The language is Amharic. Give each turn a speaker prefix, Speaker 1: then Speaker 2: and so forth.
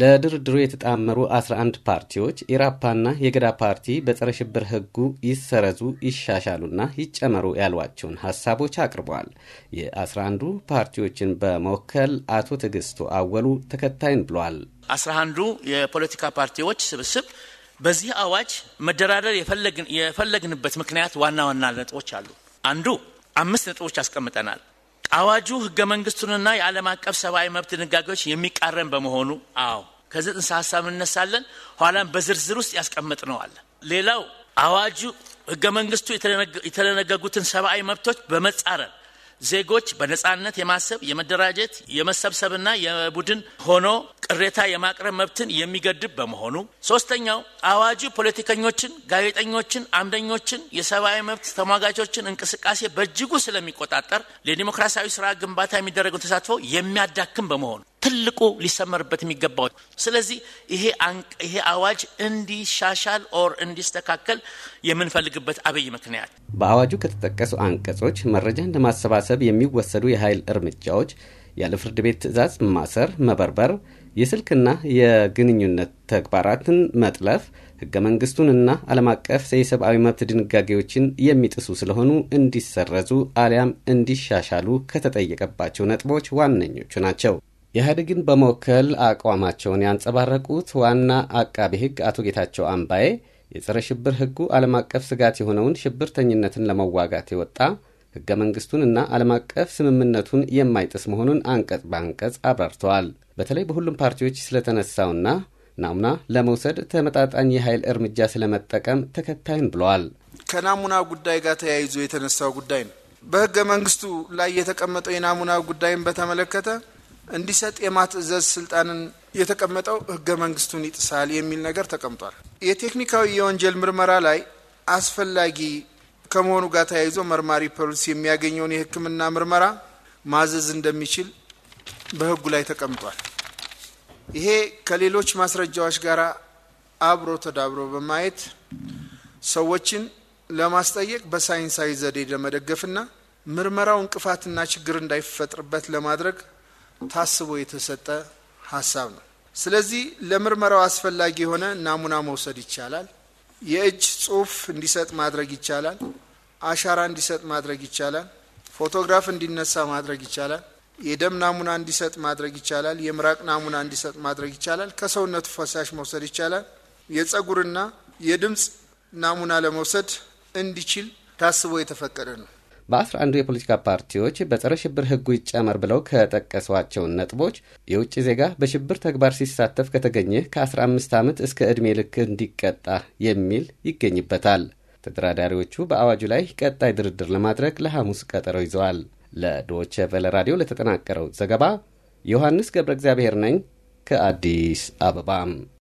Speaker 1: ለድርድሩ የተጣመሩ 11 ፓርቲዎች ኢራፓና የገዳ ፓርቲ በጸረ ሽብር ሕጉ ይሰረዙ ይሻሻሉና ይጨመሩ ያሏቸውን ሀሳቦች አቅርበዋል። የ11ዱ ፓርቲዎችን በመወከል አቶ ትዕግስቱ አወሉ ተከታይን ብሏል።
Speaker 2: 11ዱ የፖለቲካ ፓርቲዎች ስብስብ በዚህ አዋጅ መደራደር የፈለግንበት ምክንያት ዋና ዋና ነጥቦች አሉ። አንዱ አምስት ነጥቦች አስቀምጠናል። አዋጁ ህገ መንግስቱንና የዓለም አቀፍ ሰብአዊ መብት ድንጋጌዎች የሚቃረን በመሆኑ አዎ ከዚህ ጽንሰ ሀሳብ እንነሳለን። ኋላም በዝርዝር ውስጥ ያስቀምጥነዋል። ሌላው አዋጁ ህገ መንግስቱ የተደነገጉትን ሰብአዊ መብቶች በመጻረር ዜጎች በነጻነት የማሰብ የመደራጀት፣ የመሰብሰብና የቡድን ሆኖ ቅሬታ የማቅረብ መብትን የሚገድብ በመሆኑ፣ ሶስተኛው አዋጁ ፖለቲከኞችን፣ ጋዜጠኞችን፣ አምደኞችን፣ የሰብአዊ መብት ተሟጋቾችን እንቅስቃሴ በእጅጉ ስለሚቆጣጠር ለዲሞክራሲያዊ ስራ ግንባታ የሚደረገው ተሳትፎ የሚያዳክም በመሆኑ ትልቁ ሊሰመርበት የሚገባው። ስለዚህ ይሄ አዋጅ እንዲሻሻል ኦር እንዲስተካከል የምንፈልግበት አብይ ምክንያት
Speaker 1: በአዋጁ ከተጠቀሱ አንቀጾች መረጃ ለማሰባሰብ የሚወሰዱ የኃይል እርምጃዎች ያለ ፍርድ ቤት ትዕዛዝ ማሰር፣ መበርበር፣ የስልክና የግንኙነት ተግባራትን መጥለፍ ህገ መንግስቱንና ዓለም አቀፍ የሰብአዊ መብት ድንጋጌዎችን የሚጥሱ ስለሆኑ እንዲሰረዙ አሊያም እንዲሻሻሉ ከተጠየቀባቸው ነጥቦች ዋነኞቹ ናቸው። ኢህአዴግን በመወከል አቋማቸውን ያንጸባረቁት ዋና አቃቤ ህግ አቶ ጌታቸው አምባዬ የጸረ ሽብር ህጉ ዓለም አቀፍ ስጋት የሆነውን ሽብርተኝነትን ለመዋጋት የወጣ መንግስቱን እና ዓለም አቀፍ ስምምነቱን የማይጥስ መሆኑን አንቀጽ በአንቀጽ አብራርተዋል። በተለይ በሁሉም ፓርቲዎች ስለተነሳውና ናሙና ለመውሰድ ተመጣጣኝ የኃይል እርምጃ ስለመጠቀም ተከታይን ብለዋል።
Speaker 3: ከናሙና ጉዳይ ጋር ተያይዞ የተነሳው ጉዳይ ነው። በህገ መንግስቱ ላይ የተቀመጠው የናሙና ጉዳይን በተመለከተ እንዲሰጥ የማትእዘዝ ስልጣንን የተቀመጠው ህገ መንግስቱን ይጥሳል የሚል ነገር ተቀምጧል። የቴክኒካዊ የወንጀል ምርመራ ላይ አስፈላጊ ከመሆኑ ጋር ተያይዞ መርማሪ ፖሊስ የሚያገኘውን የህክምና ምርመራ ማዘዝ እንደሚችል በህጉ ላይ ተቀምጧል። ይሄ ከሌሎች ማስረጃዎች ጋር አብሮ ተዳብሮ በማየት ሰዎችን ለማስጠየቅ በሳይንሳዊ ዘዴ ለመደገፍና ምርመራው እንቅፋትና ችግር እንዳይፈጥርበት ለማድረግ ታስቦ የተሰጠ ሀሳብ ነው። ስለዚህ ለምርመራው አስፈላጊ የሆነ ናሙና መውሰድ ይቻላል። የእጅ ጽሁፍ እንዲሰጥ ማድረግ ይቻላል። አሻራ እንዲሰጥ ማድረግ ይቻላል። ፎቶግራፍ እንዲነሳ ማድረግ ይቻላል። የደም ናሙና እንዲሰጥ ማድረግ ይቻላል። የምራቅ ናሙና እንዲሰጥ ማድረግ ይቻላል። ከሰውነቱ ፈሳሽ መውሰድ ይቻላል። የጸጉርና የድምፅ ናሙና ለመውሰድ እንዲችል ታስቦ የተፈቀደ ነው።
Speaker 1: በአስራ አንዱ የፖለቲካ ፓርቲዎች በጸረ ሽብር ህጉ ይጨመር ብለው ከጠቀሷቸውን ነጥቦች የውጭ ዜጋ በሽብር ተግባር ሲሳተፍ ከተገኘ ከ15 ዓመት እስከ ዕድሜ ልክ እንዲቀጣ የሚል ይገኝበታል። ተደራዳሪዎቹ በአዋጁ ላይ ቀጣይ ድርድር ለማድረግ ለሐሙስ ቀጠሮ ይዘዋል። ለዶቼ ቬለ ራዲዮ ለተጠናቀረው ዘገባ ዮሐንስ ገብረ እግዚአብሔር ነኝ ከአዲስ አበባም